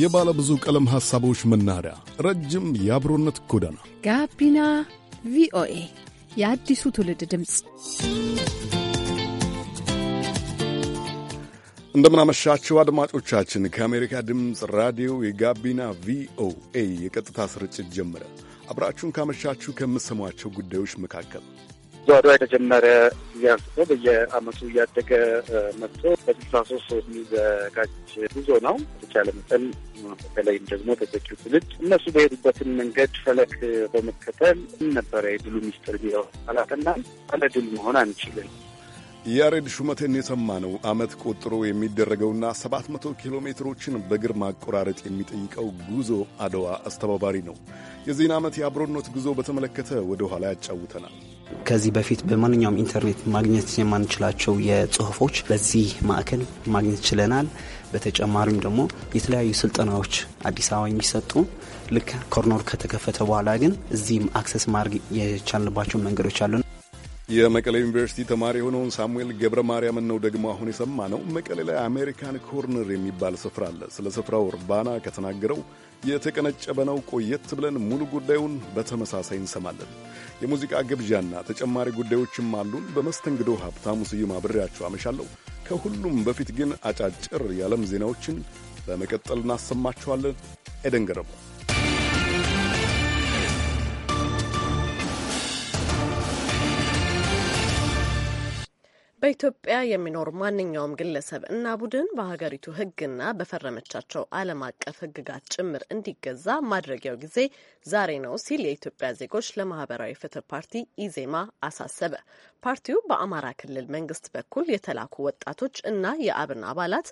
የባለ ብዙ ቀለም ሐሳቦች መናኸሪያ፣ ረጅም የአብሮነት ጎዳና ጋቢና ቪኦኤ የአዲሱ ትውልድ ድምፅ። እንደምናመሻቸው አድማጮቻችን፣ ከአሜሪካ ድምፅ ራዲዮ የጋቢና ቪኦኤ የቀጥታ ስርጭት ጀመረ። አብራችሁን ካመሻችሁ ከምትሰሟቸው ጉዳዮች መካከል ዘወደዋ የተጀመረ ጊዜ አንስቶ በየአመቱ እያደገ መጥቶ በስልሳ ሶስት የሚዘጋጅ ጉዞ ነው። በተቻለ መጠን በተለይም ደግሞ ተተኪው ትውልድ እነሱ በሄዱበትን መንገድ ፈለክ በመከተል ነበረ የድሉ ሚስጥር ቢለው አላትና አለ ድል መሆን አንችልም። ያሬድ የሰማ ነው። ዓመት ቆጥሮ የሚደረገውና 700 ኪሎ ሜትሮችን በእግር ማቆራረጥ የሚጠይቀው ጉዞ አድዋ አስተባባሪ ነው። የዚህን ዓመት የአብሮነት ጉዞ በተመለከተ ወደ ኋላ ያጫውተናል። ከዚህ በፊት በማንኛውም ኢንተርኔት ማግኘት የማንችላቸው የጽሁፎች በዚህ ማዕከል ማግኘት ችለናል። በተጨማሪም ደግሞ የተለያዩ ስልጠናዎች አዲስ አበባ የሚሰጡ ልክ ኮርነር ከተከፈተ በኋላ ግን እዚህም አክሰስ ማድረግ የቻልንባቸው መንገዶች አሉን። የመቀሌ ዩኒቨርሲቲ ተማሪ የሆነውን ሳሙኤል ገብረ ማርያምን ነው ደግሞ አሁን የሰማ ነው። መቀሌ ላይ አሜሪካን ኮርነር የሚባል ስፍራ አለ። ስለ ስፍራው እርባና ከተናገረው የተቀነጨበ ነው። ቆየት ብለን ሙሉ ጉዳዩን በተመሳሳይ እንሰማለን። የሙዚቃ ግብዣና ተጨማሪ ጉዳዮችም አሉን። በመስተንግዶ ሀብታሙ ስዩም አብሬያችሁ አመሻለሁ። ከሁሉም በፊት ግን አጫጭር የዓለም ዜናዎችን በመቀጠል እናሰማችኋለን። ኤደን ገረሙ በኢትዮጵያ የሚኖር ማንኛውም ግለሰብ እና ቡድን በሀገሪቱ ሕግና በፈረመቻቸው ዓለም አቀፍ ሕግጋት ጭምር እንዲገዛ ማድረጊያው ጊዜ ዛሬ ነው ሲል የኢትዮጵያ ዜጎች ለማህበራዊ ፍትህ ፓርቲ ኢዜማ አሳሰበ። ፓርቲው በአማራ ክልል መንግስት በኩል የተላኩ ወጣቶች እና የአብን አባላት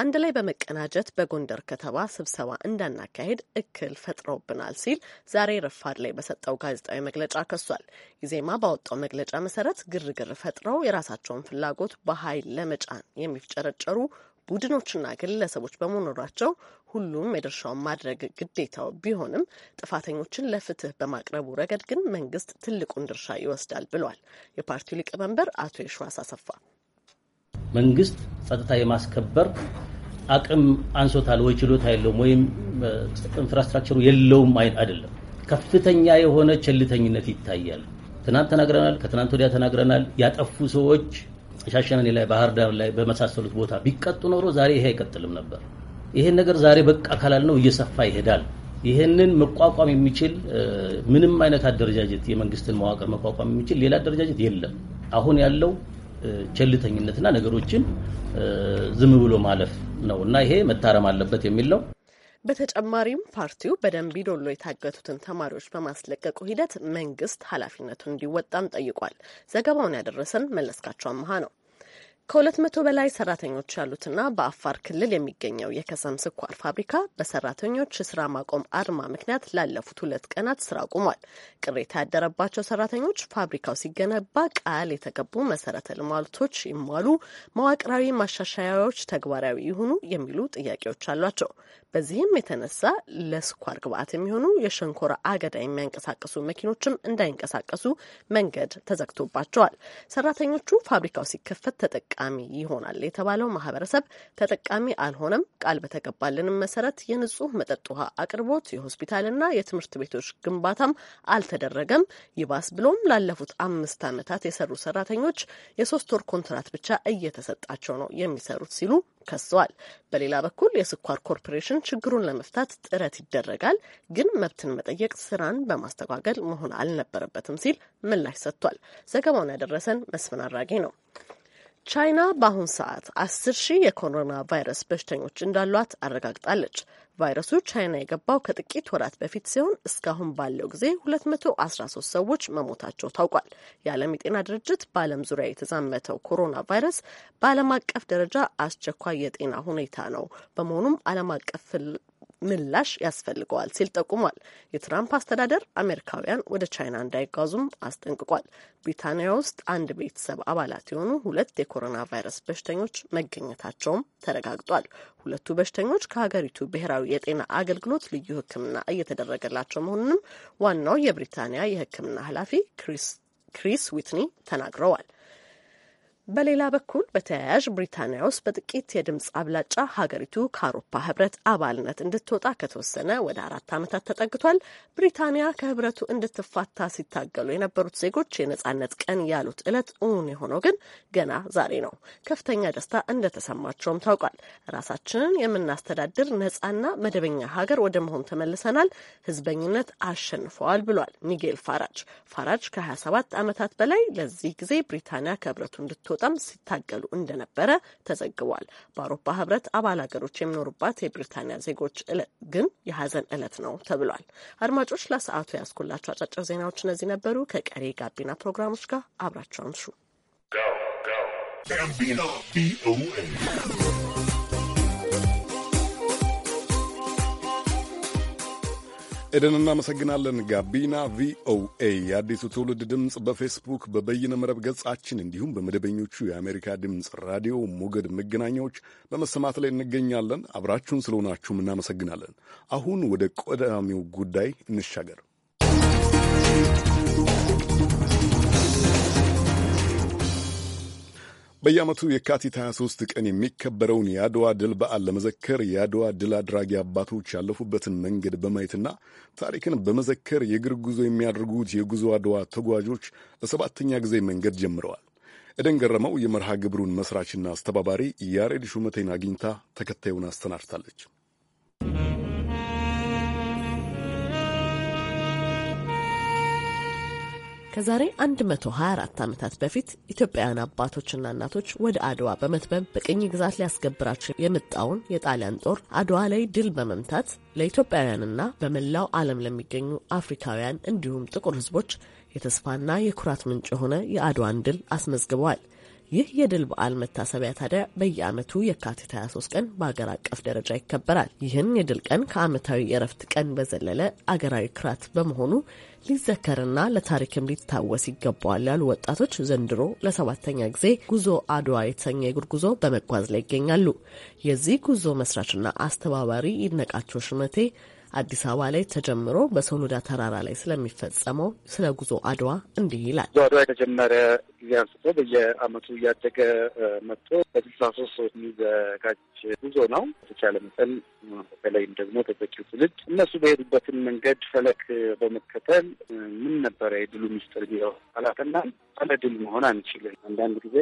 አንድ ላይ በመቀናጀት በጎንደር ከተማ ስብሰባ እንዳናካሄድ እክል ፈጥረውብናል ሲል ዛሬ ረፋድ ላይ በሰጠው ጋዜጣዊ መግለጫ ከሷል። ኢዜማ ባወጣው መግለጫ መሰረት ግርግር ፈጥረው የራሳቸውን ፍላጎት በኃይል ለመጫን የሚፍጨረጨሩ ቡድኖችና ግለሰቦች በመኖራቸው ሁሉም የድርሻውን ማድረግ ግዴታው ቢሆንም ጥፋተኞችን ለፍትህ በማቅረቡ ረገድ ግን መንግስት ትልቁን ድርሻ ይወስዳል ብሏል የፓርቲው ሊቀመንበር አቶ የሸዋስ አሰፋ። መንግስት ጸጥታ የማስከበር አቅም አንሶታል ወይ ችሎታ የለውም ወይም ኢንፍራስትራክቸሩ የለውም አይደለም። ከፍተኛ የሆነ ቸልተኝነት ይታያል። ትናንት ተናግረናል፣ ከትናንት ወዲያ ተናግረናል። ያጠፉ ሰዎች ሻሸመኔ ላይ፣ ባህር ዳር ላይ በመሳሰሉት ቦታ ቢቀጡ ኖሮ ዛሬ ይሄ አይቀጥልም ነበር። ይሄን ነገር ዛሬ በቃ ካላል ነው እየሰፋ ይሄዳል። ይህንን መቋቋም የሚችል ምንም አይነት አደረጃጀት የመንግስትን መዋቅር መቋቋም የሚችል ሌላ አደረጃጀት የለም። አሁን ያለው ቸልተኝነትና ነገሮችን ዝም ብሎ ማለፍ ነው እና ይሄ መታረም አለበት የሚል ነው። በተጨማሪም ፓርቲው ዶሎ የታገቱትን ተማሪዎች በማስለቀቁ ሂደት መንግስት ኃላፊነቱን እንዲወጣም ጠይቋል። ዘገባውን ያደረሰን መለስካቸው አመሃ ነው። ከሁለት መቶ በላይ ሰራተኞች ያሉትና በአፋር ክልል የሚገኘው የከሰም ስኳር ፋብሪካ በሰራተኞች የስራ ማቆም አድማ ምክንያት ላለፉት ሁለት ቀናት ስራ አቁሟል። ቅሬታ ያደረባቸው ሰራተኞች ፋብሪካው ሲገነባ ቃል የተገቡ መሰረተ ልማቶች ይሟሉ፣ መዋቅራዊ ማሻሻያዎች ተግባራዊ ይሁኑ የሚሉ ጥያቄዎች አሏቸው። በዚህም የተነሳ ለስኳር ግብአት የሚሆኑ የሸንኮራ አገዳ የሚያንቀሳቀሱ መኪኖችም እንዳይንቀሳቀሱ መንገድ ተዘግቶባቸዋል። ሰራተኞቹ ፋብሪካው ሲከፈት ተጠቃሚ ይሆናል የተባለው ማህበረሰብ ተጠቃሚ አልሆነም። ቃል በተገባልንም መሰረት የንጹህ መጠጥ ውሃ አቅርቦት፣ የሆስፒታልና የትምህርት ቤቶች ግንባታም አልተደረገም። ይባስ ብሎም ላለፉት አምስት ዓመታት የሰሩ ሰራተኞች የሶስት ወር ኮንትራት ብቻ እየተሰጣቸው ነው የሚሰሩት ሲሉ ከሰዋል። በሌላ በኩል የስኳር ኮርፖሬሽን ችግሩን ለመፍታት ጥረት ይደረጋል፣ ግን መብትን መጠየቅ ስራን በማስተጓገል መሆን አልነበረበትም ሲል ምላሽ ሰጥቷል። ዘገባውን ያደረሰን መስፍን አራጌ ነው። ቻይና በአሁን ሰዓት አስር ሺህ የኮሮና ቫይረስ በሽተኞች እንዳሏት አረጋግጣለች። ቫይረሱ ቻይና የገባው ከጥቂት ወራት በፊት ሲሆን እስካሁን ባለው ጊዜ 213 ሰዎች መሞታቸው ታውቋል። የዓለም የጤና ድርጅት በዓለም ዙሪያ የተዛመተው ኮሮና ቫይረስ በዓለም አቀፍ ደረጃ አስቸኳይ የጤና ሁኔታ ነው። በመሆኑም ዓለም አቀፍ ምላሽ ያስፈልገዋል ሲል ጠቁሟል። የትራምፕ አስተዳደር አሜሪካውያን ወደ ቻይና እንዳይጓዙም አስጠንቅቋል። ብሪታንያ ውስጥ አንድ ቤተሰብ አባላት የሆኑ ሁለት የኮሮና ቫይረስ በሽተኞች መገኘታቸውም ተረጋግጧል። ሁለቱ በሽተኞች ከሀገሪቱ ብሔራዊ የጤና አገልግሎት ልዩ ሕክምና እየተደረገላቸው መሆኑንም ዋናው የብሪታንያ የሕክምና ኃላፊ ክሪስ ዊትኒ ተናግረዋል። በሌላ በኩል በተያያዥ ብሪታንያ ውስጥ በጥቂት የድምፅ አብላጫ ሀገሪቱ ከአውሮፓ ህብረት አባልነት እንድትወጣ ከተወሰነ ወደ አራት ዓመታት ተጠግቷል። ብሪታንያ ከህብረቱ እንድትፋታ ሲታገሉ የነበሩት ዜጎች የነጻነት ቀን ያሉት ዕለት እውን የሆነው ግን ገና ዛሬ ነው። ከፍተኛ ደስታ እንደተሰማቸውም ታውቋል። ራሳችንን የምናስተዳድር ነጻና መደበኛ ሀገር ወደ መሆን ተመልሰናል፣ ህዝበኝነት አሸንፈዋል ብሏል ሚጌል ፋራጅ። ፋራጅ ከ27 ዓመታት በላይ ለዚህ ጊዜ ብሪታንያ ከህብረቱ እንድትወጣ በጣም ሲታገሉ እንደነበረ ተዘግቧል። በአውሮፓ ህብረት አባል ሀገሮች የሚኖሩባት የብሪታንያ ዜጎች ግን የሀዘን ዕለት ነው ተብሏል። አድማጮች ለሰዓቱ ያስኩላቸው አጫጭር ዜናዎች እነዚህ ነበሩ። ከቀሪ ጋቢና ፕሮግራሞች ጋር አብራቸውን ሹ ኤደን እናመሰግናለን። ጋቢና ቪኦኤ የአዲሱ ትውልድ ድምፅ በፌስቡክ በበይነ መረብ ገጻችን እንዲሁም በመደበኞቹ የአሜሪካ ድምፅ ራዲዮ ሞገድ መገናኛዎች በመሰማት ላይ እንገኛለን። አብራችሁን ስለሆናችሁም እናመሰግናለን። አሁን ወደ ቀዳሚው ጉዳይ እንሻገር። በየዓመቱ የካቲት 23 ቀን የሚከበረውን የአድዋ ድል በዓል ለመዘከር የአድዋ ድል አድራጊ አባቶች ያለፉበትን መንገድ በማየትና ታሪክን በመዘከር የእግር ጉዞ የሚያደርጉት የጉዞ አድዋ ተጓዦች ለሰባተኛ ጊዜ መንገድ ጀምረዋል። ኤደን ገረመው የመርሃ ግብሩን መስራችና አስተባባሪ ያሬድ ሹመቴን አግኝታ ተከታዩን አሰናድታለች። ከዛሬ 124 ዓመታት በፊት ኢትዮጵያውያን አባቶችና እናቶች ወደ አድዋ በመትበብ በቅኝ ግዛት ሊያስገብራቸው የመጣውን የጣሊያን ጦር አድዋ ላይ ድል በመምታት ለኢትዮጵያውያንና በመላው ዓለም ለሚገኙ አፍሪካውያን እንዲሁም ጥቁር ሕዝቦች የተስፋና የኩራት ምንጭ የሆነ የአድዋን ድል አስመዝግበዋል። ይህ የድል በዓል መታሰቢያ ታዲያ በየዓመቱ የካቲት 23 ቀን በአገር አቀፍ ደረጃ ይከበራል። ይህን የድል ቀን ከዓመታዊ የእረፍት ቀን በዘለለ አገራዊ ክራት በመሆኑ ሊዘከርና ለታሪክም ሊታወስ ይገባዋል ያሉ ወጣቶች ዘንድሮ ለሰባተኛ ጊዜ ጉዞ አድዋ የተሰኘ የእግር ጉዞ በመጓዝ ላይ ይገኛሉ። የዚህ ጉዞ መስራችና አስተባባሪ ይነቃቸው ሽመቴ አዲስ አበባ ላይ ተጀምሮ በሶሎዳ ተራራ ላይ ስለሚፈጸመው ስለ ጉዞ አድዋ እንዲህ ይላል። ጉዞ አድዋ የተጀመረ ጊዜ አንስቶ በየአመቱ እያደገ መጥቶ በስልሳ ሶስት ሰዎች የሚዘጋጅ ጉዞ ነው። በተቻለ መጠን በተለይም ደግሞ ተተኪው ትውልድ እነሱ በሄዱበትን መንገድ ፈለክ በመከተል ምን ነበረ የድሉ ሚስጥር ቢለው አላትና ፈለ ድል መሆን አንችልም። አንዳንድ ጊዜ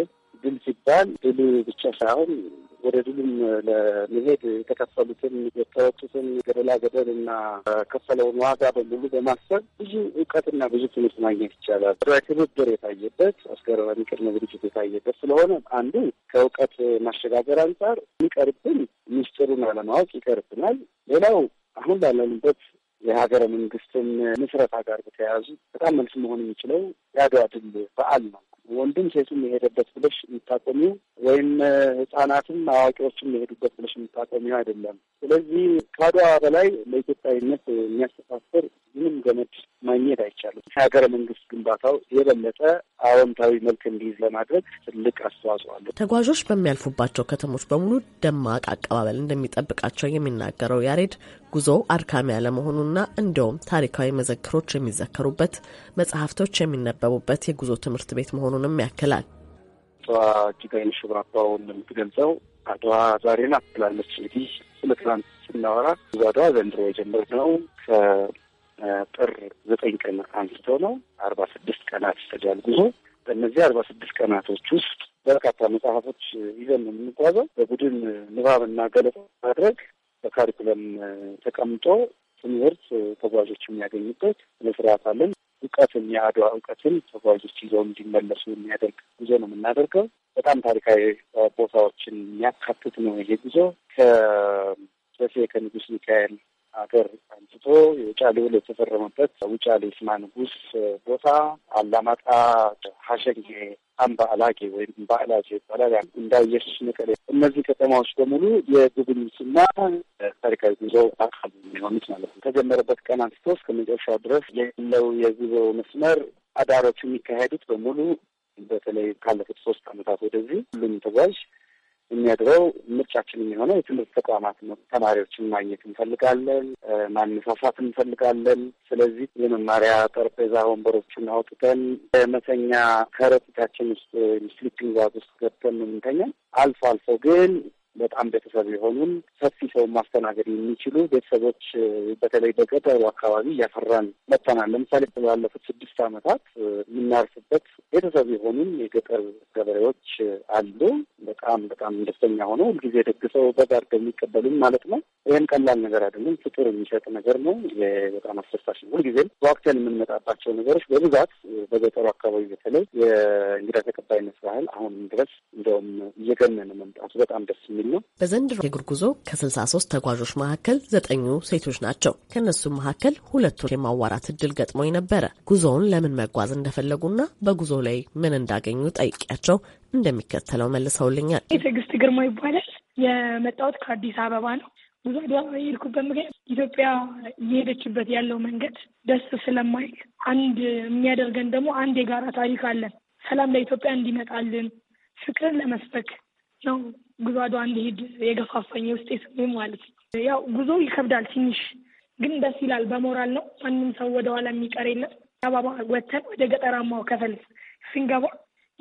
ድል ሲባል ድል ብቻ ሳይሆን ወደ ድሉም ለመሄድ የተከፈሉትን የተወጡትን ገደላ ገደል እና ከፈለውን ዋጋ በሙሉ በማሰብ ብዙ እውቀትና ብዙ ትምህርት ማግኘት ይቻላል። ትብብር የታየበት አስገራሚ ቅድመ ዝግጅት የታየበት ስለሆነ አንዱ ከእውቀት ማሸጋገር አንጻር የሚቀርብን ሚስጥሩን አለማወቅ ይቀርብናል። ሌላው አሁን ባለንበት የሀገረ መንግስትን ምስረታ ጋር በተያያዙ በጣም መልስ መሆን የሚችለው የአድዋ ድል በዓል ነው። ወንድም ሴቱም የሄደበት ብለሽ የምታቆሚው ወይም ህጻናትም አዋቂዎችም የሄዱበት ብለሽ የምታቆሚው አይደለም። ስለዚህ ከአድዋ በላይ ለኢትዮጵያዊነት የሚያስተሳስር ምንም ገመድ ማግኘት አይቻልም። የሀገረ መንግስት ግንባታው የበለጠ አዎንታዊ መልክ እንዲይዝ ለማድረግ ትልቅ አስተዋጽኦ አለው። ተጓዦች በሚያልፉባቸው ከተሞች በሙሉ ደማቅ አቀባበል እንደሚጠብቃቸው የሚናገረው ያሬድ ጉዞ አድካሚ ያለመሆኑና እንዲያውም ታሪካዊ መዘክሮች የሚዘከሩበት፣ መጽሐፍቶች የሚነበቡበት የጉዞ ትምህርት ቤት መሆኑንም ያክላል። አድዋ እጅጋየሁ እንደምትገልጸው አድዋ ዛሬን አክላለች። እንግዲህ ስለ ትናንት ስናወራ ብዙ አድዋ ዘንድሮ የጀመርነው ጥር ዘጠኝ ቀን አንስቶ ነው አርባ ስድስት ቀናት ይሰጃል ጉዞ። በእነዚህ አርባ ስድስት ቀናቶች ውስጥ በርካታ መጽሐፎች ይዘን ነው የምንጓዘው። በቡድን ንባብና ገለጻ ማድረግ በካሪኩለም ተቀምጦ ትምህርት ተጓዦች የሚያገኙበት ስነስርዓት አለን። እውቀትን የአድዋ እውቀትን ተጓዦች ይዘው እንዲመለሱ የሚያደርግ ጉዞ ነው የምናደርገው። በጣም ታሪካዊ ቦታዎችን የሚያካትት ነው ይሄ ጉዞ ከደሴ ከንጉስ ሚካኤል ሀገር አንስቶ የውጫሌ ውል የተፈረመበት ውጫሌ ስማ ንጉስ ቦታ አላማጣ ሀሸንጌ አምባ አላጌ ወይም እምባ አላጌ ይባላል። እንዳ ኢየሱስ መቀሌ፣ እነዚህ ከተማዎች በሙሉ የጉብኝትና ታሪካዊ ጉዞ አካል የሚሆኑት ማለት ነው። ከጀመረበት ቀን አንስቶ እስከ መጨረሻው ድረስ የለው የጉዞ መስመር አዳሮቹ የሚካሄዱት በሙሉ በተለይ ካለፉት ሶስት አመታት ወደዚህ ሁሉም ተጓዥ የሚያድረው ምርጫችን የሚሆነው የትምህርት ተቋማት ነው። ተማሪዎችን ማግኘት እንፈልጋለን፣ ማነሳሳት እንፈልጋለን። ስለዚህ የመማሪያ ጠረጴዛ ወንበሮችን አውጥተን መተኛ ከረጢታችን ውስጥ ስሊፒንግ ባግ ውስጥ ገብተን ነው አልፎ አልፎ ግን በጣም ቤተሰብ የሆኑን ሰፊ ሰው ማስተናገድ የሚችሉ ቤተሰቦች በተለይ በገጠሩ አካባቢ እያፈራን መጥተናል። ለምሳሌ ባለፉት ስድስት ዓመታት የምናርፍበት ቤተሰብ የሆኑን የገጠር ገበሬዎች አሉ። በጣም በጣም ደስተኛ ሆነው ሁልጊዜ ደግሰው በጋር የሚቀበሉን ማለት ነው። ይህን ቀላል ነገር አይደለም፣ ፍጡር የሚሰጥ ነገር ነው። በጣም አስደሳች ነው። ሁልጊዜም ዋክተን የምንመጣባቸው ነገሮች በብዛት በገጠሩ አካባቢ በተለይ የእንግዳ ተቀባይነት ባህል አሁንም ድረስ እንደውም እየገነነ መምጣቱ በጣም ደስ የሚል ማለት ነው። በዘንድሮ የእግር ጉዞ ከ63 ተጓዦች መካከል ዘጠኙ ሴቶች ናቸው። ከእነሱ መካከል ሁለቱ የማዋራት እድል ገጥሞኝ ነበረ። ጉዞውን ለምን መጓዝ እንደፈለጉና በጉዞ ላይ ምን እንዳገኙ ጠይቂያቸው እንደሚከተለው መልሰውልኛል። ትዕግስት ግርማ ይባላል። የመጣሁት ከአዲስ አበባ ነው። ብዙ አድዋ የሄድኩበት ምክንያት ኢትዮጵያ እየሄደችበት ያለው መንገድ ደስ ስለማይል አንድ የሚያደርገን ደግሞ አንድ የጋራ ታሪክ አለን። ሰላም ለኢትዮጵያ እንዲመጣልን ፍቅርን ለመስበክ ነው ጉዞ ጉዟዷ እንዲሄድ የገፋፋኝ የውስጤ ስሜ ማለት ነው። ያው ጉዞ ይከብዳል ትንሽ ግን ደስ ይላል። በሞራል ነው። ማንም ሰው ወደኋላ የሚቀር የለም። አባባ ወተን ወደ ገጠራማው ከፈል ስንገባ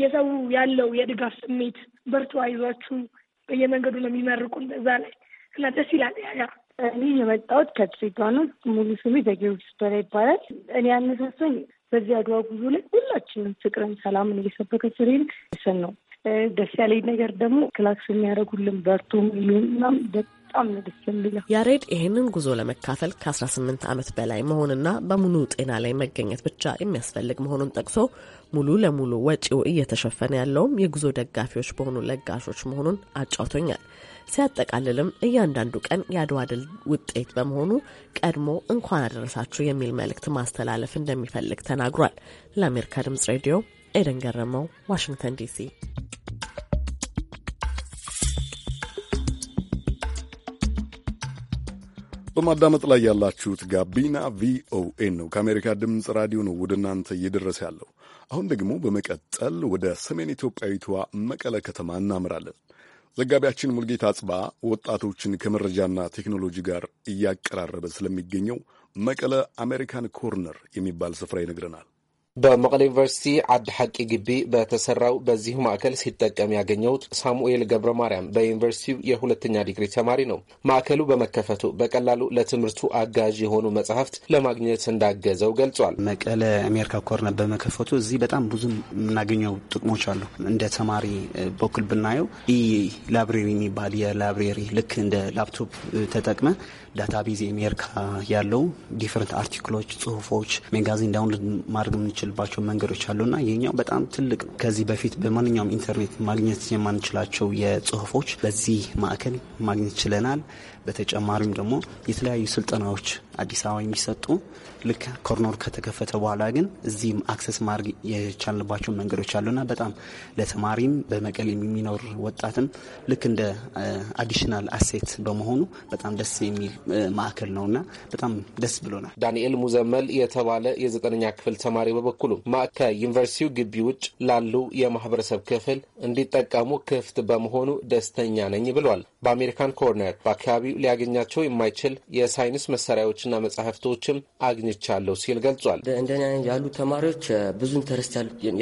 የሰው ያለው የድጋፍ ስሜት በርቱ፣ አይዟችሁ በየመንገዱ ነው የሚመርቁን በዛ ላይ እና ደስ ይላል። ያ እኔ የመጣሁት ከአፍሪካ ነው። ሙሉ ስሜ ዘጊዮርጊስ በላይ ይባላል። እኔ ያነሳሳኝ በዚህ አድዋ ጉዞ ላይ ሁላችንም ፍቅርን፣ ሰላምን እየሰበከ ስሬን ይሰን ነው ደስ ያለኝ ነገር ደግሞ ክላክስ የሚያደርጉልን በርቱ የሚሉን በጣም ያሬድ ይህንን ጉዞ ለመካፈል ከ18 ዓመት በላይ መሆንና በሙሉ ጤና ላይ መገኘት ብቻ የሚያስፈልግ መሆኑን ጠቅሶ ሙሉ ለሙሉ ወጪው እየተሸፈነ ያለውም የጉዞ ደጋፊዎች በሆኑ ለጋሾች መሆኑን አጫውቶኛል። ሲያጠቃልልም እያንዳንዱ ቀን የአድዋ ድል ውጤት በመሆኑ ቀድሞ እንኳን አደረሳችሁ የሚል መልእክት ማስተላለፍ እንደሚፈልግ ተናግሯል። ለአሜሪካ ድምጽ ሬዲዮ ኤደን ገረመው፣ ዋሽንግተን ዲሲ። በማዳመጥ ላይ ያላችሁት ጋቢና ቪኦኤ ነው። ከአሜሪካ ድምፅ ራዲዮ ነው ወደ እናንተ እየደረሰ ያለው። አሁን ደግሞ በመቀጠል ወደ ሰሜን ኢትዮጵያዊቷ መቀለ ከተማ እናምራለን። ዘጋቢያችን ሙልጌታ አጽባ ወጣቶችን ከመረጃና ቴክኖሎጂ ጋር እያቀራረበ ስለሚገኘው መቀለ አሜሪካን ኮርነር የሚባል ስፍራ ይነግረናል። በመቀለ ዩኒቨርሲቲ ዓዲ ሐቂ ግቢ በተሰራው በዚሁ ማዕከል ሲጠቀም ያገኘሁት ሳሙኤል ገብረ ማርያም በዩኒቨርሲቲው የሁለተኛ ዲግሪ ተማሪ ነው። ማዕከሉ በመከፈቱ በቀላሉ ለትምህርቱ አጋዥ የሆኑ መጽሐፍት ለማግኘት እንዳገዘው ገልጿል። መቀለ አሜሪካ ኮርነር በመከፈቱ እዚህ በጣም ብዙ የምናገኘው ጥቅሞች አሉ። እንደ ተማሪ በኩል ብናየው ኢ ላይብሬሪ የሚባል የላይብሬሪ ልክ እንደ ላፕቶፕ ተጠቅመ ዳታቤዝ የሜርካ ያለው ዲፈረንት አርቲክሎች፣ ጽሁፎች፣ ሜጋዚን ዳውንሎድ ማድረግ የምንችልባቸው መንገዶች አሉና ይህኛው በጣም ትልቅ ነው። ከዚህ በፊት በማንኛውም ኢንተርኔት ማግኘት የማንችላቸው የጽሁፎች በዚህ ማዕከል ማግኘት ችለናል። በተጨማሪም ደግሞ የተለያዩ ስልጠናዎች አዲስ አበባ የሚሰጡ ልክ ኮርኖር ከተከፈተ በኋላ ግን እዚህም አክሰስ ማድረግ የቻልንባቸው መንገዶች አሉና በጣም ለተማሪም በመቀሌ የሚኖር ወጣትም ልክ እንደ አዲሽናል አሴት በመሆኑ በጣም ደስ የሚል ማዕከል ነውና በጣም ደስ ብሎናል። ዳንኤል ሙዘመል የተባለ የዘጠነኛ ክፍል ተማሪ በበኩሉ ከዩኒቨርሲቲው ግቢ ውጭ ላሉ የማህበረሰብ ክፍል እንዲጠቀሙ ክፍት በመሆኑ ደስተኛ ነኝ ብሏል። በአሜሪካን ኮርነር በአካባቢው ሊያገኛቸው የማይችል የሳይንስ መሳሪያዎችና መጽሐፍቶችም አግኝቻለሁ ሲል ገልጿል። እንደኔ ያሉ ተማሪዎች ብዙ ኢንተረስት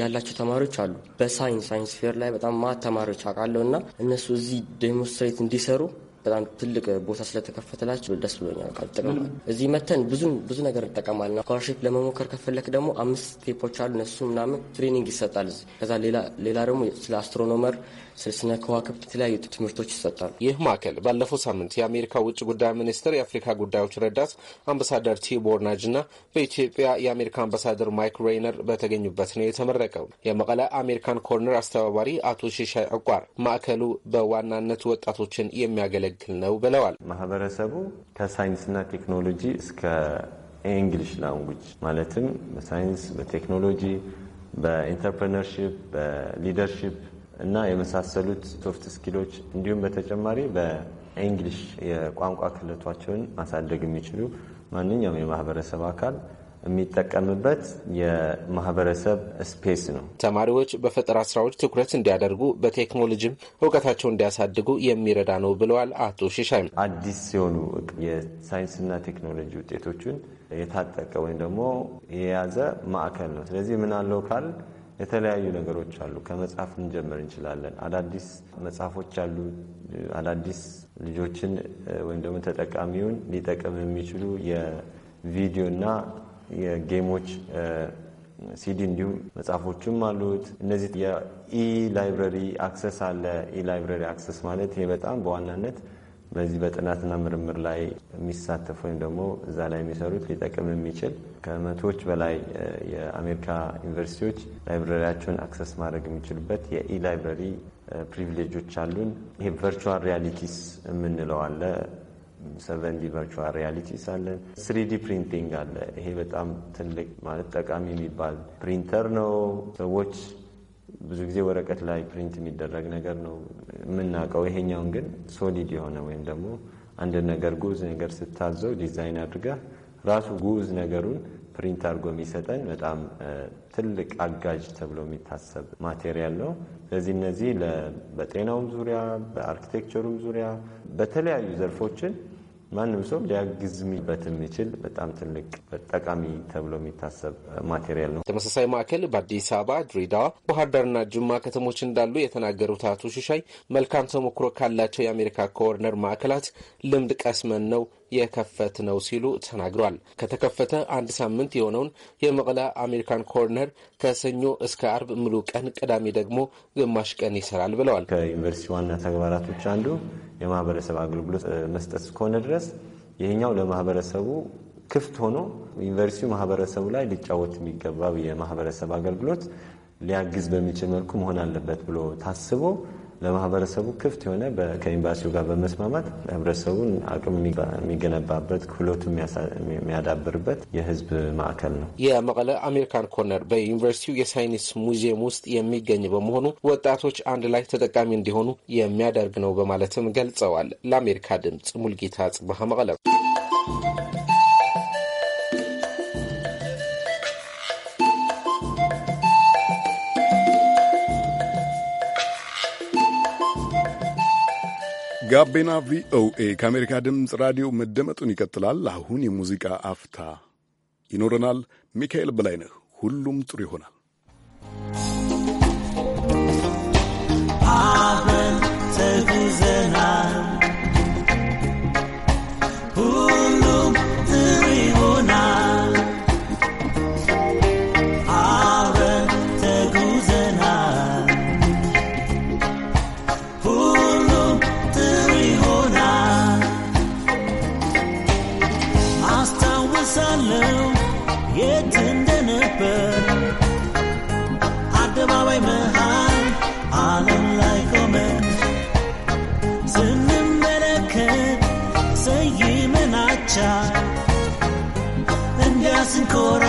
ያላቸው ተማሪዎች አሉ። በሳይንስ ሳይንስ ፌር ላይ በጣም ማት ተማሪዎች አውቃለሁ እና እነሱ እዚህ ዴሞንስትሬት እንዲሰሩ በጣም ትልቅ ቦታ ስለተከፈተላቸው ደስ ብሎኛል። ጠቀማል እዚህ መተን ብዙ ብዙ ነገር ና ስኮላርሽፕ ለመሞከር ከፈለክ ደግሞ አምስት ቴፖች አሉ። እነሱ ምናምን ትሬኒንግ ይሰጣል ከዛ ሌላ ደግሞ ስለ አስትሮኖመር ስልስና ከዋክብት የተለያዩ ትምህርቶች ይሰጣሉ። ይህ ማዕከል ባለፈው ሳምንት የአሜሪካ ውጭ ጉዳይ ሚኒስትር የአፍሪካ ጉዳዮች ረዳት አምባሳደር ቲቦር ናጅ እና በኢትዮጵያ የአሜሪካ አምባሳደር ማይክ ሬይነር በተገኙበት ነው የተመረቀው። የመቀለ አሜሪካን ኮርነር አስተባባሪ አቶ ሺሻይ ዕቋር ማዕከሉ በዋናነት ወጣቶችን የሚያገለግል ነው ብለዋል። ማህበረሰቡ ከሳይንስና ቴክኖሎጂ እስከ እንግሊሽ ላንጉጅ ማለትም በሳይንስ፣ በቴክኖሎጂ፣ በኢንተርፕረነርሺፕ፣ በሊደርሽፕ እና የመሳሰሉት ሶፍት ስኪሎች እንዲሁም በተጨማሪ በእንግሊሽ የቋንቋ ክህሎታቸውን ማሳደግ የሚችሉ ማንኛውም የማህበረሰብ አካል የሚጠቀምበት የማህበረሰብ ስፔስ ነው። ተማሪዎች በፈጠራ ስራዎች ትኩረት እንዲያደርጉ በቴክኖሎጂም እውቀታቸው እንዲያሳድጉ የሚረዳ ነው ብለዋል አቶ ሽሻይም። አዲስ ሲሆኑ የሳይንስና ቴክኖሎጂ ውጤቶችን የታጠቀ ወይም ደግሞ የያዘ ማዕከል ነው። ስለዚህ ምናለው ካል የተለያዩ ነገሮች አሉ። ከመጽሐፍ ልንጀምር እንችላለን። አዳዲስ መጽሐፎች አሉ። አዳዲስ ልጆችን ወይም ደግሞ ተጠቃሚውን ሊጠቀም የሚችሉ የቪዲዮ እና የጌሞች ሲዲ እንዲሁም መጽሐፎቹም አሉት። እነዚህ የኢ ላይብረሪ አክሰስ አለ። ኢ ላይብረሪ አክሰስ ማለት ይህ በጣም በዋናነት በዚህ በጥናትና ምርምር ላይ የሚሳተፉ ወይም ደግሞ እዛ ላይ የሚሰሩት ሊጠቅም የሚችል ከመቶዎች በላይ የአሜሪካ ዩኒቨርሲቲዎች ላይብረሪያቸውን አክሰስ ማድረግ የሚችሉበት የኢ ላይብረሪ ፕሪቪሌጆች አሉን። ይሄ ቨርቹዋል ሪያሊቲስ የምንለው አለ። ሰቨን ዲ ቨርቹዋል ሪያሊቲስ አለን። ስሪዲ ፕሪንቲንግ አለ። ይሄ በጣም ትልቅ ማለት ጠቃሚ የሚባል ፕሪንተር ነው። ሰዎች ብዙ ጊዜ ወረቀት ላይ ፕሪንት የሚደረግ ነገር ነው የምናውቀው። ይሄኛውን ግን ሶሊድ የሆነ ወይም ደግሞ አንድ ነገር ጉዝ ነገር ስታዘው ዲዛይን አድርጋ ራሱ ጉዝ ነገሩን ፕሪንት አድርጎ የሚሰጠን በጣም ትልቅ አጋዥ ተብሎ የሚታሰብ ማቴሪያል ነው። ስለዚህ እነዚህ በጤናውም ዙሪያ በአርኪቴክቸሩም ዙሪያ በተለያዩ ዘርፎችን ማንም ሰው ሊያግዝ ሚበት የሚችል በጣም ትልቅ ጠቃሚ ተብሎ የሚታሰብ ማቴሪያል ነው። ተመሳሳይ ማዕከል በአዲስ አበባ፣ ድሬዳዋ፣ ባህር ዳርና ጅማ ከተሞች እንዳሉ የተናገሩት አቶ ሽሻይ መልካም ተሞክሮ ካላቸው የአሜሪካ ኮወርነር ማዕከላት ልምድ ቀስመን ነው የከፈት ነው ሲሉ ተናግሯል። ከተከፈተ አንድ ሳምንት የሆነውን የመቅላ አሜሪካን ኮርነር ከሰኞ እስከ አርብ ሙሉ ቀን፣ ቅዳሜ ደግሞ ግማሽ ቀን ይሰራል ብለዋል። ከዩኒቨርሲቲ ዋና ተግባራቶች አንዱ የማህበረሰብ አገልግሎት መስጠት እስከሆነ ድረስ ይህኛው ለማህበረሰቡ ክፍት ሆኖ ዩኒቨርሲቲው ማህበረሰቡ ላይ ሊጫወት የሚገባ የማህበረሰብ አገልግሎት ሊያግዝ በሚችል መልኩ መሆን አለበት ብሎ ታስቦ ለማህበረሰቡ ክፍት የሆነ ከኤምባሲው ጋር በመስማማት ህብረተሰቡን አቅም የሚገነባበት ክህሎቱ የሚያዳብርበት የህዝብ ማዕከል ነው። የመቀለ አሜሪካን ኮርነር በዩኒቨርሲቲው የሳይንስ ሙዚየም ውስጥ የሚገኝ በመሆኑ ወጣቶች አንድ ላይ ተጠቃሚ እንዲሆኑ የሚያደርግ ነው በማለትም ገልጸዋል። ለአሜሪካ ድምጽ ሙልጌታ ጽብሃ መቀለም ጋቢና ቪኦኤ ከአሜሪካ ድምፅ ራዲዮ መደመጡን ይቀጥላል። አሁን የሙዚቃ አፍታ ይኖረናል። ሚካኤል በላይነህ ሁሉም ጥሩ ይሆናል። አብረን ተጉዘን すこ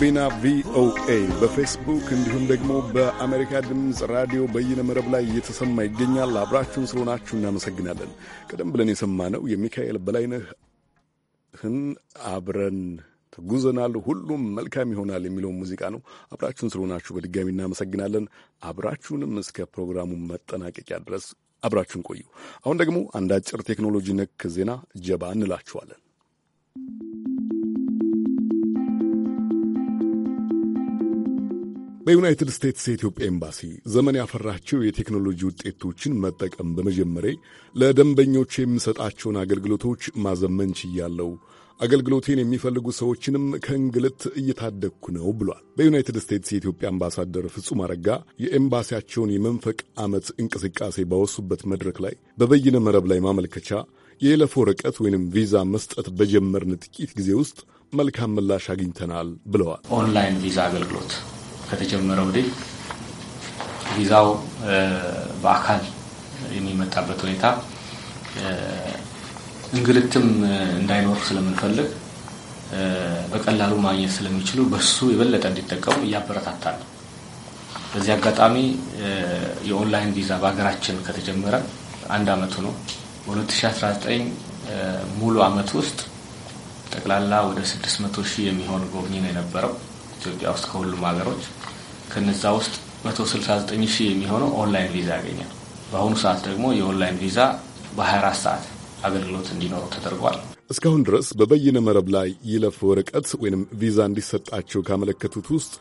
ጋቢና ቪኦኤ በፌስቡክ እንዲሁም ደግሞ በአሜሪካ ድምፅ ራዲዮ በይነ መረብ ላይ እየተሰማ ይገኛል። አብራችሁን ስለሆናችሁ እናመሰግናለን። ቀደም ብለን የሰማነው የሚካኤል በላይነህን አብረን ተጉዘናል፣ ሁሉም መልካም ይሆናል የሚለውን ሙዚቃ ነው። አብራችሁን ስለሆናችሁ በድጋሚ እናመሰግናለን። አብራችሁንም እስከ ፕሮግራሙ መጠናቀቂያ ድረስ አብራችሁን ቆዩ። አሁን ደግሞ አንድ አጭር ቴክኖሎጂ ነክ ዜና ጀባ እንላችኋለን። በዩናይትድ ስቴትስ የኢትዮጵያ ኤምባሲ ዘመን ያፈራቸው የቴክኖሎጂ ውጤቶችን መጠቀም በመጀመሬ ለደንበኞች የምሰጣቸውን አገልግሎቶች ማዘመን ችያለሁ። አገልግሎቴን የሚፈልጉ ሰዎችንም ከእንግልት እየታደግኩ ነው ብሏል። በዩናይትድ ስቴትስ የኢትዮጵያ አምባሳደር ፍጹም አረጋ የኤምባሲያቸውን የመንፈቅ ዓመት እንቅስቃሴ ባወሱበት መድረክ ላይ በበይነ መረብ ላይ ማመልከቻ የይለፍ ወረቀት ወይንም ቪዛ መስጠት በጀመርን ጥቂት ጊዜ ውስጥ መልካም ምላሽ አግኝተናል ብለዋል። ኦንላይን ቪዛ አገልግሎት ከተጀመረው ድል ቪዛው በአካል የሚመጣበት ሁኔታ እንግልትም እንዳይኖር ስለምንፈልግ በቀላሉ ማግኘት ስለሚችሉ በሱ የበለጠ እንዲጠቀሙ እያበረታታ ነው። በዚህ አጋጣሚ የኦንላይን ቪዛ በሀገራችን ከተጀመረ አንድ አመቱ ነው። በ2019 ሙሉ አመት ውስጥ ጠቅላላ ወደ 600 ሺህ የሚሆን ጎብኚ ነው የነበረው። ኢትዮጵያ ውስጥ ከሁሉም ሀገሮች ከነዛ ውስጥ 169 ሺህ የሚሆነው ኦንላይን ቪዛ ያገኛል። በአሁኑ ሰዓት ደግሞ የኦንላይን ቪዛ በ24 ሰዓት አገልግሎት እንዲኖረው ተደርጓል። እስካሁን ድረስ በበይነ መረብ ላይ ይለፍ ወረቀት ወይም ቪዛ እንዲሰጣቸው ካመለከቱት ውስጥ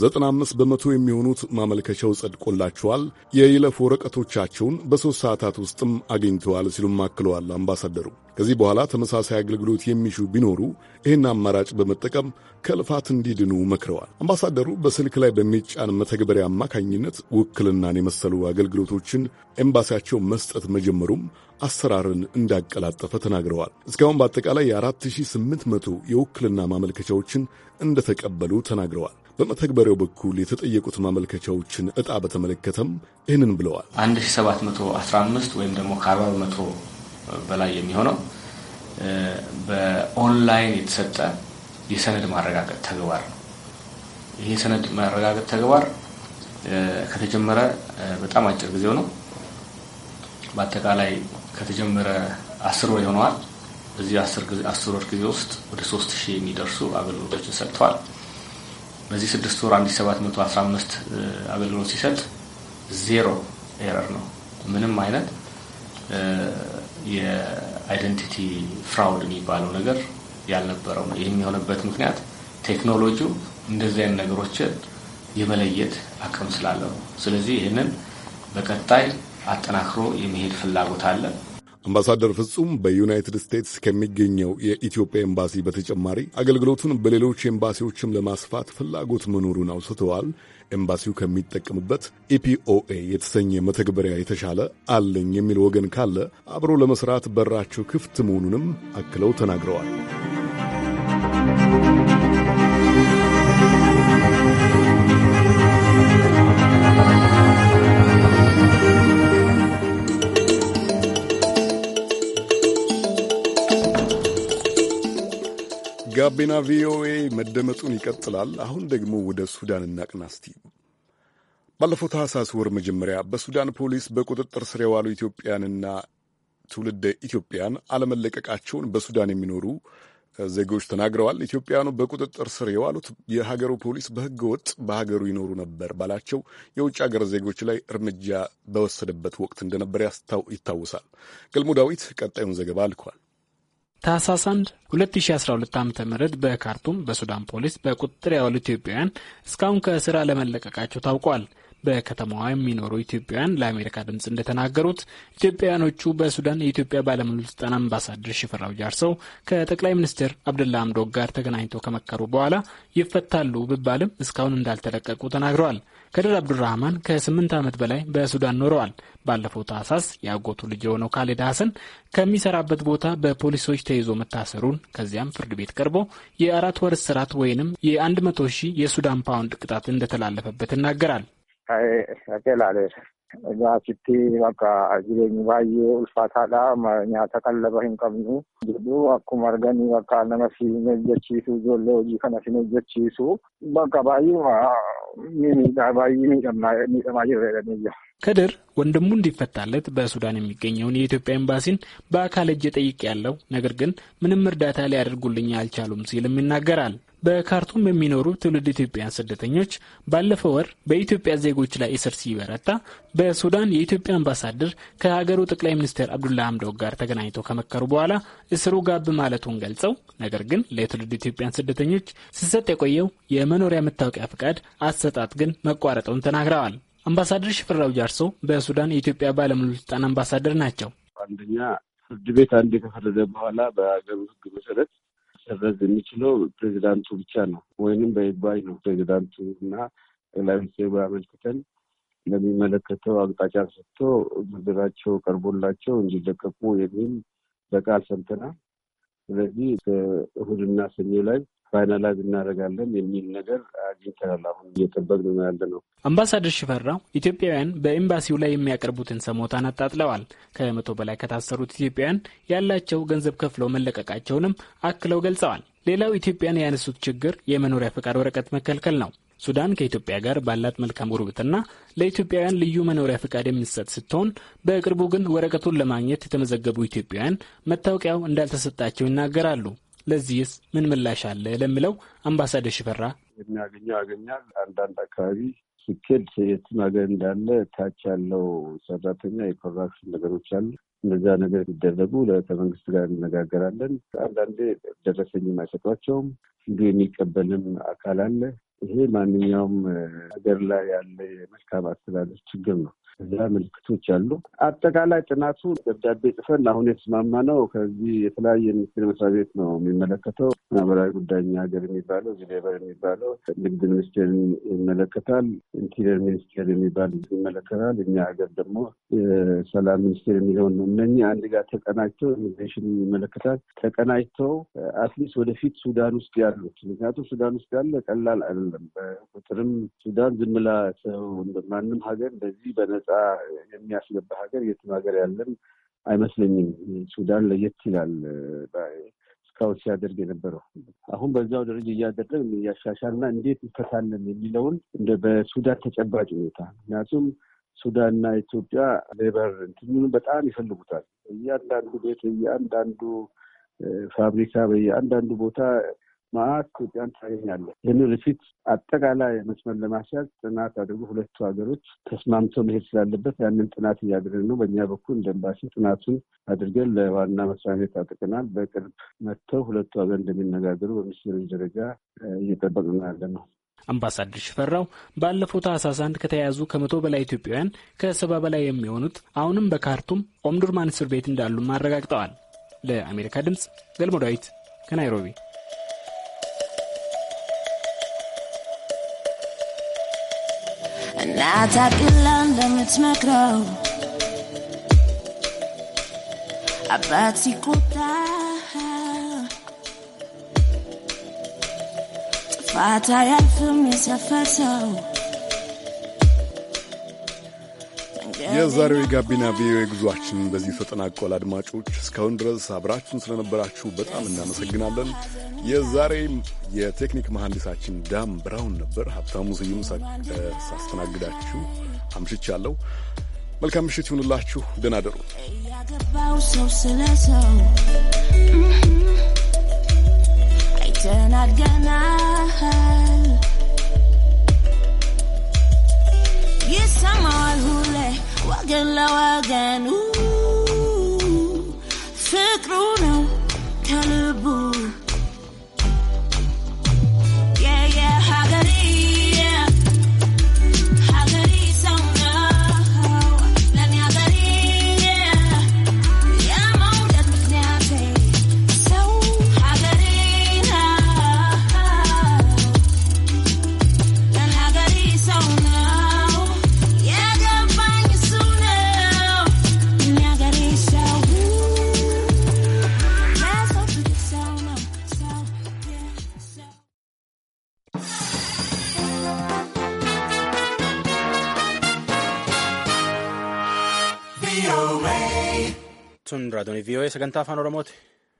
95 በመቶ የሚሆኑት ማመልከቻው ጸድቆላቸዋል። የይለፍ ወረቀቶቻቸውን በሦስት ሰዓታት ውስጥም አግኝተዋል ሲሉም አክለዋል አምባሳደሩ። ከዚህ በኋላ ተመሳሳይ አገልግሎት የሚሹ ቢኖሩ ይህን አማራጭ በመጠቀም ከልፋት እንዲድኑ መክረዋል። አምባሳደሩ በስልክ ላይ በሚጫን መተግበሪያ አማካኝነት ውክልናን የመሰሉ አገልግሎቶችን ኤምባሲያቸው መስጠት መጀመሩም አሰራርን እንዳቀላጠፈ ተናግረዋል። እስካሁን በአጠቃላይ የ4800 የውክልና ማመልከቻዎችን እንደተቀበሉ ተናግረዋል። በመተግበሪያው በኩል የተጠየቁት ማመልከቻዎችን ዕጣ በተመለከተም ይህንን ብለዋል። 1715 ወይም ደግሞ ከ40 በመቶ በላይ የሚሆነው በኦንላይን የተሰጠ የሰነድ ማረጋገጥ ተግባር ነው። ይሄ የሰነድ ማረጋገጥ ተግባር ከተጀመረ በጣም አጭር ጊዜው ነው። በአጠቃላይ ከተጀመረ አስር ወር ይሆነዋል። በዚህ አስር ወር ጊዜ ውስጥ ወደ ሶስት ሺህ የሚደርሱ አገልግሎቶችን ሰጥተዋል። በዚህ ስድስት ወር አንድ ሰባት መቶ አስራ አምስት አገልግሎት ሲሰጥ ዜሮ ኤረር ነው። ምንም አይነት የአይደንቲቲ ፍራውድ የሚባለው ነገር ያልነበረው ነው። ይህም የሆነበት ምክንያት ቴክኖሎጂው እንደዚህ አይነት ነገሮችን የመለየት አቅም ስላለው ነው። ስለዚህ ይህንን በቀጣይ አጠናክሮ የመሄድ ፍላጎት አለ። አምባሳደር ፍጹም በዩናይትድ ስቴትስ ከሚገኘው የኢትዮጵያ ኤምባሲ በተጨማሪ አገልግሎቱን በሌሎች ኤምባሲዎችም ለማስፋት ፍላጎት መኖሩን አውስተዋል። ኤምባሲው ከሚጠቀምበት ኢፒኦኤ የተሰኘ መተግበሪያ የተሻለ አለኝ የሚል ወገን ካለ አብሮ ለመስራት በራቸው ክፍት መሆኑንም አክለው ተናግረዋል። ጋቢና ቪኦኤ መደመጡን ይቀጥላል። አሁን ደግሞ ወደ ሱዳን እናቅና እስቲ። ባለፈው ታህሳስ ወር መጀመሪያ በሱዳን ፖሊስ በቁጥጥር ስር የዋሉ ኢትዮጵያንና ትውልደ ኢትዮጵያን አለመለቀቃቸውን በሱዳን የሚኖሩ ዜጎች ተናግረዋል። ኢትዮጵያውያኑ በቁጥጥር ስር የዋሉት የሀገሩ ፖሊስ በህገ ወጥ በሀገሩ ይኖሩ ነበር ባላቸው የውጭ ሀገር ዜጎች ላይ እርምጃ በወሰደበት ወቅት እንደነበር ይታወሳል። ገልሞ ዳዊት ቀጣዩን ዘገባ አልኳል። ታህሳስ 1 2012 ዓ ም በካርቱም በሱዳን ፖሊስ በቁጥጥር ያዋሉ ኢትዮጵያውያን እስካሁን ከስራ ለመለቀቃቸው ታውቋል። በከተማዋ የሚኖሩ ኢትዮጵያውያን ለአሜሪካ ድምፅ እንደተናገሩት ኢትዮጵያውያኖቹ በሱዳን የኢትዮጵያ ባለሙሉ ስልጣን አምባሳደር ሽፈራው ጃርሰው ከጠቅላይ ሚኒስትር አብደላ አምዶግ ጋር ተገናኝተው ከመከሩ በኋላ ይፈታሉ ብባልም እስካሁን እንዳልተለቀቁ ተናግረዋል። ከድር አብዱራህማን ከስምንት ዓመት በላይ በሱዳን ኖረዋል። ባለፈው ታህሳስ የአጎቱ ልጅ የሆነው ካሌድ ሀሰን ከሚሰራበት ቦታ በፖሊሶች ተይዞ መታሰሩን ከዚያም ፍርድ ቤት ቀርቦ የአራት ወር እስራት ወይንም የአንድ መቶ ሺህ የሱዳን ፓውንድ ቅጣት እንደተላለፈበት ይናገራል። Haqee ilaaleera. bakka jireenyi baay'ee ulfaataadha. Nyaata kan laba hin qabnu. Jedhu akkuma arganii bakka nama siin hojjechiisu ijoollee hojii kana siin hojjechiisu bakka baay'ee miidhamaa jirra. ከድር ወንድሙ እንዲፈታለት በሱዳን የሚገኘውን የኢትዮጵያ ኤምባሲን በአካል እጅ ጠይቄ ያለው Nagar ግን ምንም እርዳታ ሊያደርጉልኝ አልቻሉም ሲልም ይናገራል። በካርቱም የሚኖሩ ትውልድ ኢትዮጵያን ስደተኞች ባለፈው ወር በኢትዮጵያ ዜጎች ላይ እስር ሲበረታ በሱዳን የኢትዮጵያ አምባሳደር ከሀገሩ ጠቅላይ ሚኒስትር አብዱላ አምዶግ ጋር ተገናኝተው ከመከሩ በኋላ እስሩ ጋብ ማለቱን ገልጸው ነገር ግን ለትውልድ ኢትዮጵያን ስደተኞች ሲሰጥ የቆየው የመኖሪያ መታወቂያ ፍቃድ አሰጣጥ ግን መቋረጠውን ተናግረዋል። አምባሳደር ሽፍራው ጃርሶ በሱዳን የኢትዮጵያ ባለሙሉ ስልጣን አምባሳደር ናቸው። አንደኛ ፍርድ ቤት አንድ የተፈረደ በኋላ በሀገሩ ህግ መሰረት ሊሰረዝ የሚችለው ፕሬዚዳንቱ ብቻ ነው፣ ወይንም በይግባኝ ነው። ፕሬዚዳንቱ እና ጠቅላይ ሚኒስትሩ አመልክተን ለሚመለከተው አቅጣጫ ሰጥቶ ዝርዝራቸው ቀርቦላቸው እንዲለቀቁ የሚል በቃል ሰምተናል። ስለዚህ እሑድና ሰኞ ላይ ፋይናላይዝ እናደርጋለን የሚል ነገር አግኝተናል። አሁን እየጠበቅ ነው ያለ ነው። አምባሳደር ሽፈራው ኢትዮጵያውያን በኤምባሲው ላይ የሚያቀርቡትን ሰሞታን አጣጥለዋል። ከመቶ በላይ ከታሰሩት ኢትዮጵያውያን ያላቸው ገንዘብ ከፍለው መለቀቃቸውንም አክለው ገልጸዋል። ሌላው ኢትዮጵያን ያነሱት ችግር የመኖሪያ ፈቃድ ወረቀት መከልከል ነው። ሱዳን ከኢትዮጵያ ጋር ባላት መልካም ጉርብትና ለኢትዮጵያውያን ልዩ መኖሪያ ፍቃድ የምትሰጥ ስትሆን በቅርቡ ግን ወረቀቱን ለማግኘት የተመዘገቡ ኢትዮጵያውያን መታወቂያው እንዳልተሰጣቸው ይናገራሉ። ለዚህስ ምን ምላሽ አለ ለሚለው አምባሳደር ሽፈራ የሚያገኘው ያገኛል። አንዳንድ አካባቢ ሲኬድ የትም ሀገር እንዳለ ታች ያለው ሰራተኛ የኮራፕሽን ነገሮች አሉ። እንደዛ ነገር ሲደረጉ ከመንግስት ጋር እነጋገራለን። አንዳንዴ ደረሰኝም አይሰጧቸውም። እንዲሁ የሚቀበልም አካል አለ። ይሄ ማንኛውም ሀገር ላይ ያለ የመልካም አስተዳደር ችግር ነው። እዛ ምልክቶች አሉ። አጠቃላይ ጥናቱ ደብዳቤ ጽፈን አሁን የተስማማ ነው። ከዚህ የተለያየ ሚኒስቴር መስሪያ ቤት ነው የሚመለከተው። ማህበራዊ ጉዳይ ሀገር የሚባለው እዚህ ሌበር የሚባለው ንግድ ሚኒስቴር ይመለከታል። ኢንቴሪየር ሚኒስቴር የሚባል ይመለከታል። እኛ ሀገር ደግሞ የሰላም ሚኒስቴር የሚለውን ነው። እነኚህ አንድ ጋር ተቀናጅተው ኢሚግሬሽን ይመለከታል። ተቀናጅተው አትሊስት ወደፊት ሱዳን ውስጥ ያሉት ምክንያቱም ሱዳን ውስጥ ያለ ቀላል አይደለም። በቁጥርም ሱዳን ዝምላ ሰው ማንም ሀገር እንደዚህ በነጻ የሚያስገባ ሀገር የትም ሀገር ያለም አይመስለኝም። ሱዳን ለየት ይላል እስካሁን ሲያደርግ የነበረው አሁን በዛው ደረጃ እያደረግ እያሻሻልና እንዴት እንፈታለን የሚለውን እንደ በሱዳን ተጨባጭ ሁኔታ ምክንያቱም ሱዳንና ኢትዮጵያ ሌበር እንትኑን በጣም ይፈልጉታል። በየአንዳንዱ ቤት፣ በየአንዳንዱ ፋብሪካ፣ በየአንዳንዱ ቦታ ማዕት ኢትዮጵያን ታገኛለህ። ይህን ወደፊት አጠቃላይ መስመር ለማስያዝ ጥናት አድርጎ ሁለቱ ሀገሮች ተስማምቶ መሄድ ስላለበት ያንን ጥናት እያደረግን ነው። በእኛ በኩል እንደ ኤምባሲ ጥናቱን አድርገን ለዋና መስሪያ ቤት አጥቅናል። በቅርብ መጥተው ሁለቱ ሀገር እንደሚነጋገሩ በሚኒስትሮች ደረጃ እየጠበቅን ነው ያለ ነው። አምባሳደር ሽፈራው ባለፈው ታህሳስ አንድ ከተያያዙ ከመቶ በላይ ኢትዮጵያውያን ከሰባ በላይ የሚሆኑት አሁንም በካርቱም ኦምዱርማን እስር ቤት እንዳሉም አረጋግጠዋል። ለአሜሪካ ድምፅ ገልሞ ዳዊት ከናይሮቢ Attack in London, it's my crow. A bad sequota. Fatai, I feel myself, I feel so. የዛሬው የጋቢና ቪኦኤ ጉዟችን በዚህ ተጠናቋል። አድማጮች እስካሁን ድረስ አብራችን ስለነበራችሁ በጣም እናመሰግናለን። የዛሬ የቴክኒክ መሐንዲሳችን ዳም ብራውን ነበር። ሀብታሙ ስዩም ሳስተናግዳችሁ አምሽቻለሁ። መልካም ምሽት ይሁንላችሁ። ደህና ደሩ። ያገባው ሰው ስለ ሰው sagantaa afaan Oromooti.